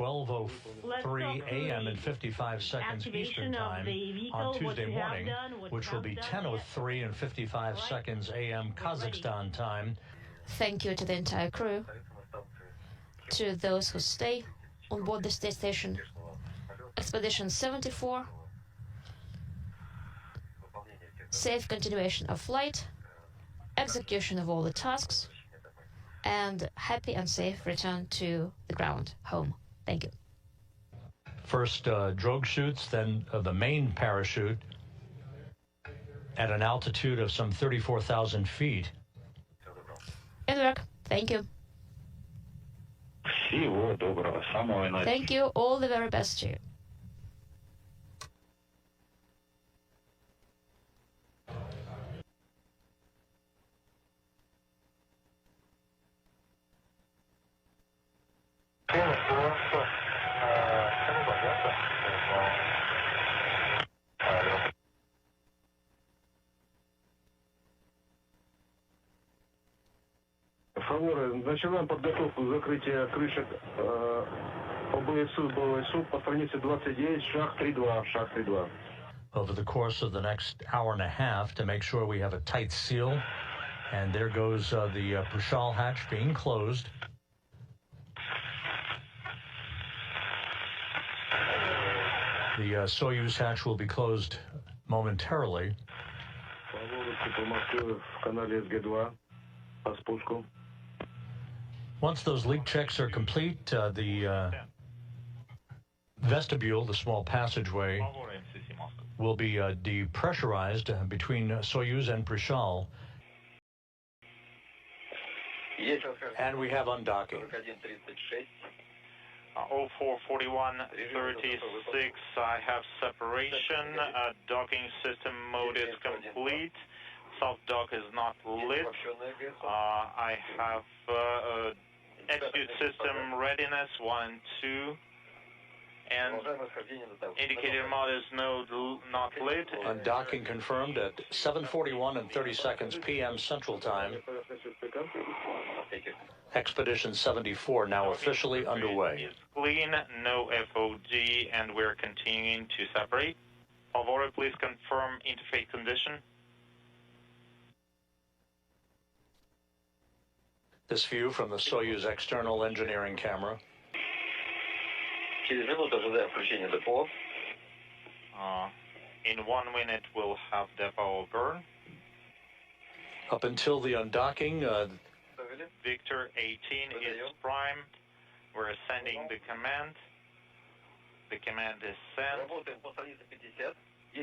12.03 a.m. and 55 seconds Eastern Time on Tuesday morning, done, which will be 10.03 and 55 right. seconds a.m. Kazakhstan time. Thank you to the entire crew, to those who stay on board the space station. Expedition 74. Safe continuation of flight, execution of all the tasks, and happy and safe return to the ground, home. Thank you. First, uh, drogue chutes, then uh, the main parachute at an altitude of some 34,000 feet. Thank you. Thank you. All the very best to you. Начинаем подготовку закрытия крышек э, ОБСУ БОСУ по странице 29, шаг 3-2, шаг 3-2. Over the course of the next hour and a half to make sure we have a tight seal. And there goes uh, the uh, Pushal hatch being closed. The uh, Soyuz hatch will be closed momentarily. Once those leak checks are complete, uh, the uh, vestibule, the small passageway, will be uh, depressurized uh, between Soyuz and Prishal. And we have undocking. Uh, 0441 36, I have separation, uh, docking system mode is complete, soft dock is not lit, uh, I have uh, uh, Execute system readiness, one, two. And indicator mode is no, not lit. Undocking confirmed at 7.41 and 30 seconds p.m. Central Time. Expedition 74 now officially underway. Clean, no FOD, and we're continuing to separate. Alvaro, please confirm interface condition. This view from the Soyuz external engineering camera. Uh, in one minute, we'll have the power burn. Up until the undocking, uh, Victor 18 is prime. We're sending the command. The command is sent.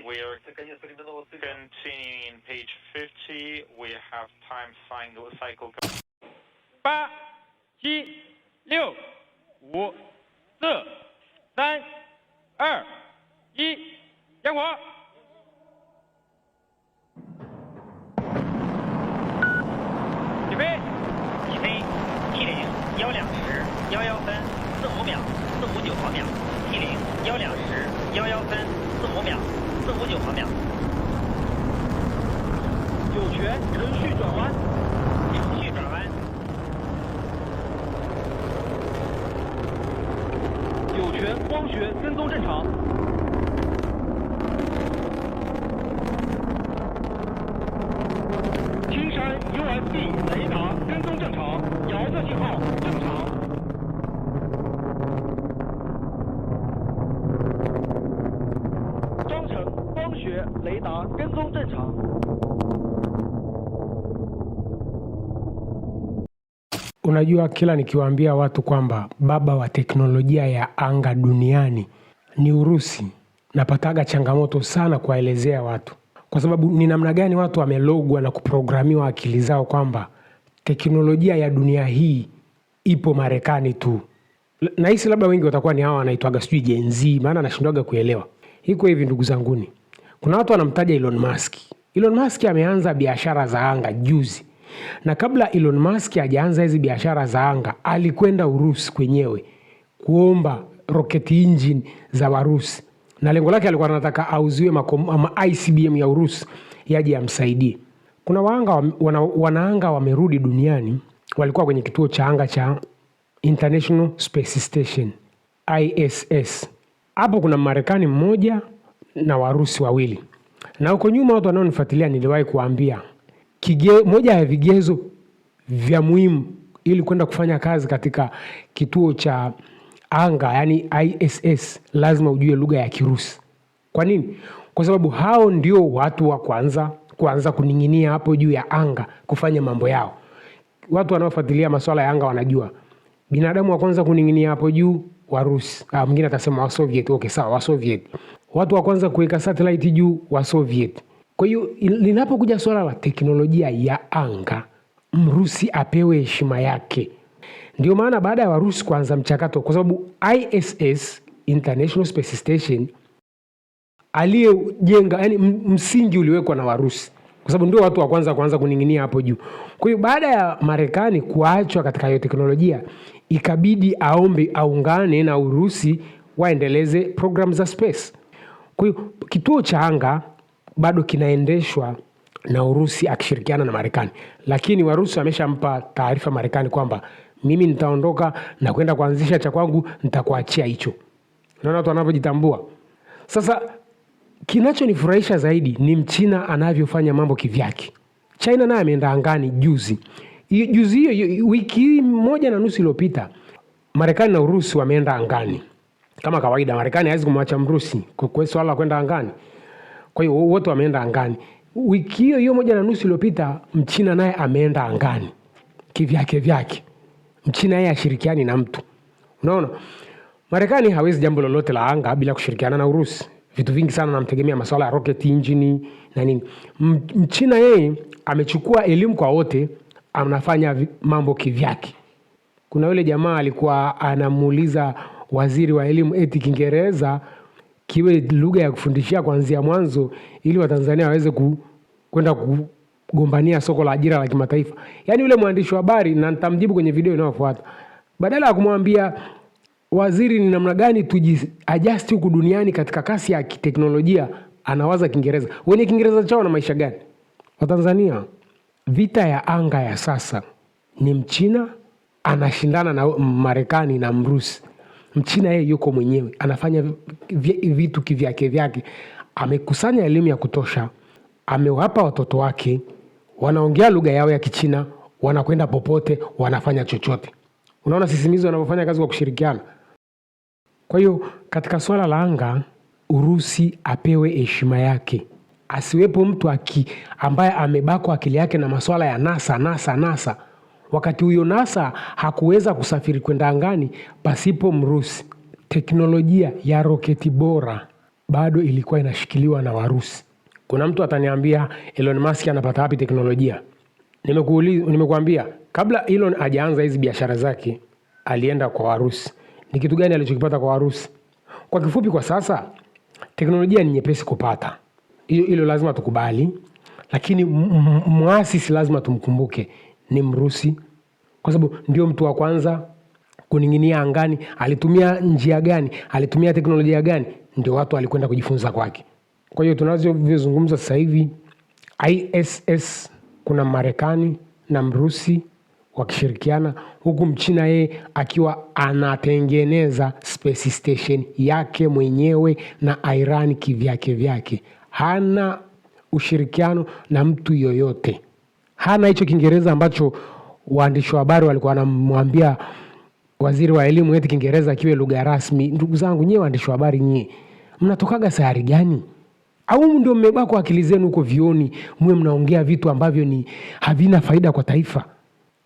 We are continuing page 50. We have time cycle. 八七六五四三二一，点火。起飞，起飞，T 零幺两十幺幺分四五秒四五九毫秒，T 零幺两十幺幺分四五秒四五九毫秒，酒泉程序转弯。光学跟踪正常。Unajua, kila nikiwaambia watu kwamba baba wa teknolojia ya anga duniani ni Urusi, napataga changamoto sana kuwaelezea watu, kwa sababu ni namna gani watu wamelogwa na kuprogramiwa akili zao kwamba teknolojia ya dunia hii ipo Marekani tu. Nahisi labda wengi watakuwa ni hawa wanaitwaga sijui Gen Z, maana nashindwaga kuelewa. Iko hivi ndugu zanguni, kuna watu wanamtaja Elon Musk. Elon Musk ameanza biashara za anga juzi, na kabla Elon Musk hajaanza hizi biashara za anga, alikwenda Urusi kwenyewe kuomba rocket engine za Warusi, na lengo lake alikuwa anataka auziwe ma ICBM ya Urusi yaje yamsaidie. Kuna waanga, wana, wanaanga wamerudi duniani, walikuwa kwenye kituo cha anga cha International Space Station ISS. Hapo kuna Marekani mmoja na Warusi wawili, na huko nyuma watu wanaonifuatilia niliwahi kuambia kige, moja ya vigezo vya muhimu ili kwenda kufanya kazi katika kituo cha anga yani ISS, lazima ujue lugha ya Kirusi. Kwa nini? Kwa sababu hao ndio watu wa kwanza kuanza kuning'inia hapo juu ya anga kufanya mambo yao. Watu wanaofuatilia masuala ya anga wanajua binadamu wa kwanza kuning'inia hapo juu Warusi. Ah, mwingine atasema Wasoviet. Okay, sawa, Wasoviet. Watu wa kwanza kuweka satellite juu Wasoviet. Kwa hiyo linapokuja swala la teknolojia ya anga, Mrusi apewe heshima yake. Ndio maana baada ya Warusi kuanza mchakato, kwa sababu ISS, International Space Station, aliyejenga yani msingi uliwekwa na Warusi kwa sababu ndio watu wa kwanza kuanza kuning'inia hapo juu. Kwa hiyo baada ya Marekani kuachwa katika hiyo teknolojia, ikabidi aombe aungane na Urusi waendeleze program za space. Kwa hiyo kituo cha anga bado kinaendeshwa na Urusi akishirikiana na Marekani, lakini Warusi wameshampa taarifa Marekani kwamba mimi nitaondoka na kwenda kuanzisha cha kwangu, nitakuachia hicho. Unaona watu wanavyojitambua. Sasa kinachonifurahisha zaidi ni Mchina anavyofanya mambo kivyake. China naye ameenda angani juzi juzi, hiyo wiki moja na nusu iliyopita, Marekani na Urusi wameenda angani kama kawaida. Marekani hawezi kumwacha Mrusi kwa swala la kwenda angani. Kwa hiyo wote wameenda angani. Wiki hiyo hiyo moja na nusu iliyopita, Mchina naye ameenda angani kivyake vyake. Mchina yeye ashirikiani na mtu, unaona. Marekani hawezi jambo lolote la anga bila kushirikiana na Urusi. Vitu vingi sana namtegemea, masuala ya rocket engine na nini. Mchina yeye amechukua elimu kwa wote, anafanya mambo kivyake. Kuna yule jamaa alikuwa anamuuliza waziri wa elimu eti Kiingereza kiwe lugha ya kufundishia kuanzia mwanzo, ili Watanzania waweze ku, kwenda kugombania soko la ajira la kimataifa. Yaani yule mwandishi wa habari, na nitamjibu kwenye video inayofuata, badala ya kumwambia waziri ni namna gani tujiajasti huku duniani katika kasi ya kiteknolojia, anawaza Kiingereza. Wenye Kiingereza chao na maisha gani? Watanzania, vita ya anga ya sasa ni Mchina anashindana na Marekani na Mrusi. Mchina yeye yuko mwenyewe, anafanya vitu kivyake vyake. Amekusanya elimu ya kutosha, amewapa watoto wake, wanaongea lugha yao ya Kichina, wanakwenda popote, wanafanya chochote. Unaona sisimizi wanavyofanya kazi kwa kushirikiana. Kwa hiyo katika swala la anga, Urusi apewe heshima yake, asiwepo mtu aki ambaye amebakwa akili yake na maswala ya nasa nasa nasa. Wakati huyo NASA hakuweza kusafiri kwenda angani pasipo Mrusi. Teknolojia ya roketi bora bado ilikuwa inashikiliwa na Warusi. Kuna mtu ataniambia Elon Musk anapata wapi teknolojia? Nimekuambia kabla Elon ajaanza hizi biashara zake alienda kwa Warusi. Ni kitu gani alichokipata kwa Warusi? Kwa kifupi, kwa sasa teknolojia ni nyepesi kupata, hilo lazima tukubali, lakini mwasisi lazima tumkumbuke ni Mrusi, kwa sababu ndio mtu wa kwanza kuning'inia angani. Alitumia njia gani? Alitumia teknolojia gani? Ndio watu walikwenda kujifunza kwake. Kwa hiyo tunavyozungumza sasa hivi ISS kuna Marekani na Mrusi wakishirikiana huku Mchina yeye akiwa anatengeneza space station yake mwenyewe na Iran kivyake vyake, hana ushirikiano na mtu yoyote hana hicho Kiingereza ambacho waandishi wa habari walikuwa wanamwambia waziri wa elimu eti Kiingereza kiwe lugha rasmi. Ndugu zangu nyie waandishi wa habari nyie, mnatokaga sayari gani? Au ndio mmebakwa akili zenu huko vioni, mwe mnaongea vitu ambavyo ni havina faida kwa taifa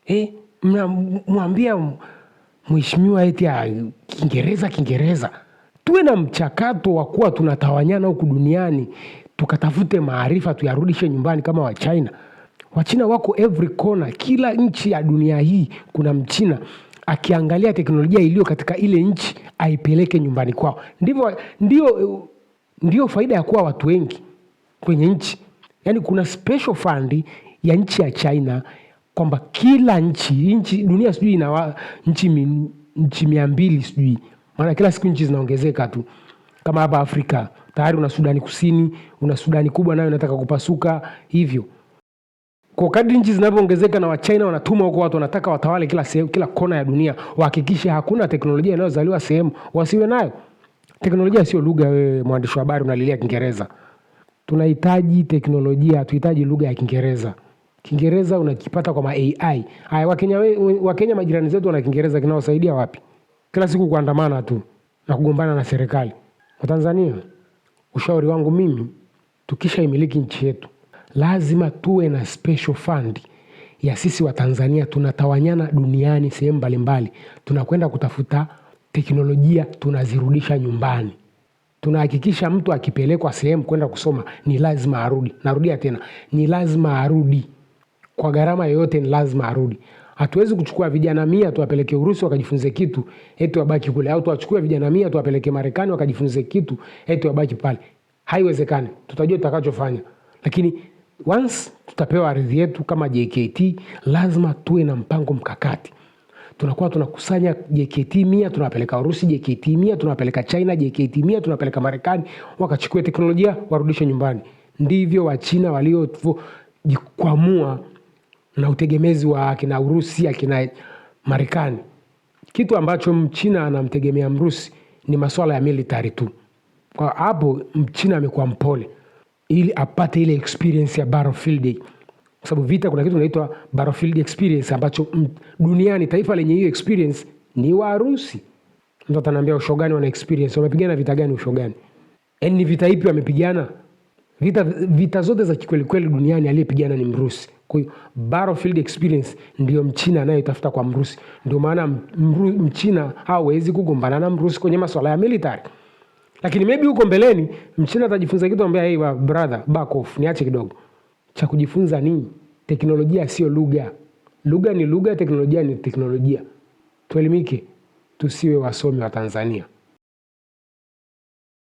eh? Mnamwambia mheshimiwa eti ah, Kiingereza Kiingereza. Tuwe na mchakato wa kuwa tunatawanyana huku duniani, tukatafute maarifa tuyarudishe nyumbani kama Wachina. Wachina wako every corner, kila nchi ya dunia hii kuna mchina akiangalia teknolojia iliyo katika ile nchi aipeleke nyumbani kwao. Ndivyo, ndio, ndio faida ya kuwa watu wengi kwenye nchi. Yaani kuna special fund ya nchi ya China kwamba kila nchi, nchi dunia sijui ina nchi, mi, nchi mia mbili sijui, maana kila siku nchi zinaongezeka tu. Kama hapa Afrika tayari una Sudani Kusini, una Sudani kubwa nayo inataka kupasuka hivyo. Kwa kadri nchi zinavyoongezeka na Wachina wanatuma huko watu, wanataka watawale kila sehemu, kila kona ya dunia, wahakikishe hakuna teknolojia inayozaliwa sehemu wasiwe nayo. Teknolojia sio lugha. Wewe mwandishi wa habari unalilia Kiingereza, tunahitaji teknolojia, tuhitaji lugha ya Kiingereza. Kiingereza unakipata kwa maai AI. Haya, Wakenya, Wakenya majirani zetu wana Kiingereza kinaosaidia wapi? Kila siku kuandamana tu na kugombana na serikali. kwa tanzania ushauri wangu mimi, tukishaimiliki nchi yetu lazima tuwe na special fund ya sisi wa Tanzania. Tunatawanyana duniani sehemu mbalimbali, tunakwenda kutafuta teknolojia, tunazirudisha nyumbani. Tunahakikisha mtu akipelekwa sehemu kwenda kusoma ni lazima arudi. Narudia tena, ni lazima arudi kwa gharama yoyote, ni lazima arudi. Hatuwezi kuchukua vijana mia tuwapeleke Urusi wakajifunze kitu eti wabaki kule, au tuwachukue vijana mia tuwapeleke Marekani wakajifunze kitu eti wabaki pale. Haiwezekani. Tutajua tutakachofanya, lakini once tutapewa ardhi yetu kama JKT, lazima tuwe na mpango mkakati. Tunakuwa tunakusanya JKT mia tunawapeleka Urusi, JKT mia tunawapeleka China, JKT mia tunawapeleka Marekani, wakachukua teknolojia warudishe nyumbani. Ndivyo Wachina waliojikwamua na utegemezi wa akina Urusi, akina Marekani. Kitu ambacho Mchina anamtegemea Mrusi ni masuala ya military tu. Kwa hapo Mchina amekuwa mpole ili apate ile experience ya battlefield, kwa sababu vita kuna kitu kinaitwa battlefield experience ambacho duniani taifa lenye hiyo experience ni Warusi. Mtu ataniambia ushogani wana experience, wamepigana vita gani? Ushogani yaani ni vita ipi wamepigana? Vita, vita zote za kikwelikweli duniani aliyepigana ni Mrusi. Kwa hiyo battlefield experience ndio Mchina anayotafuta kwa Mrusi. Ndio maana Mchina hawezi kugombana na Mrusi kwenye masuala ya military. Lakini maybe huko mbeleni Mchina atajifunza kitu ambaye hey, brother back off, niache kidogo. Cha kujifunza ni Teknolojia sio lugha. Lugha ni lugha, teknolojia ni teknolojia. Tuelimike, tusiwe wasomi wa Tanzania.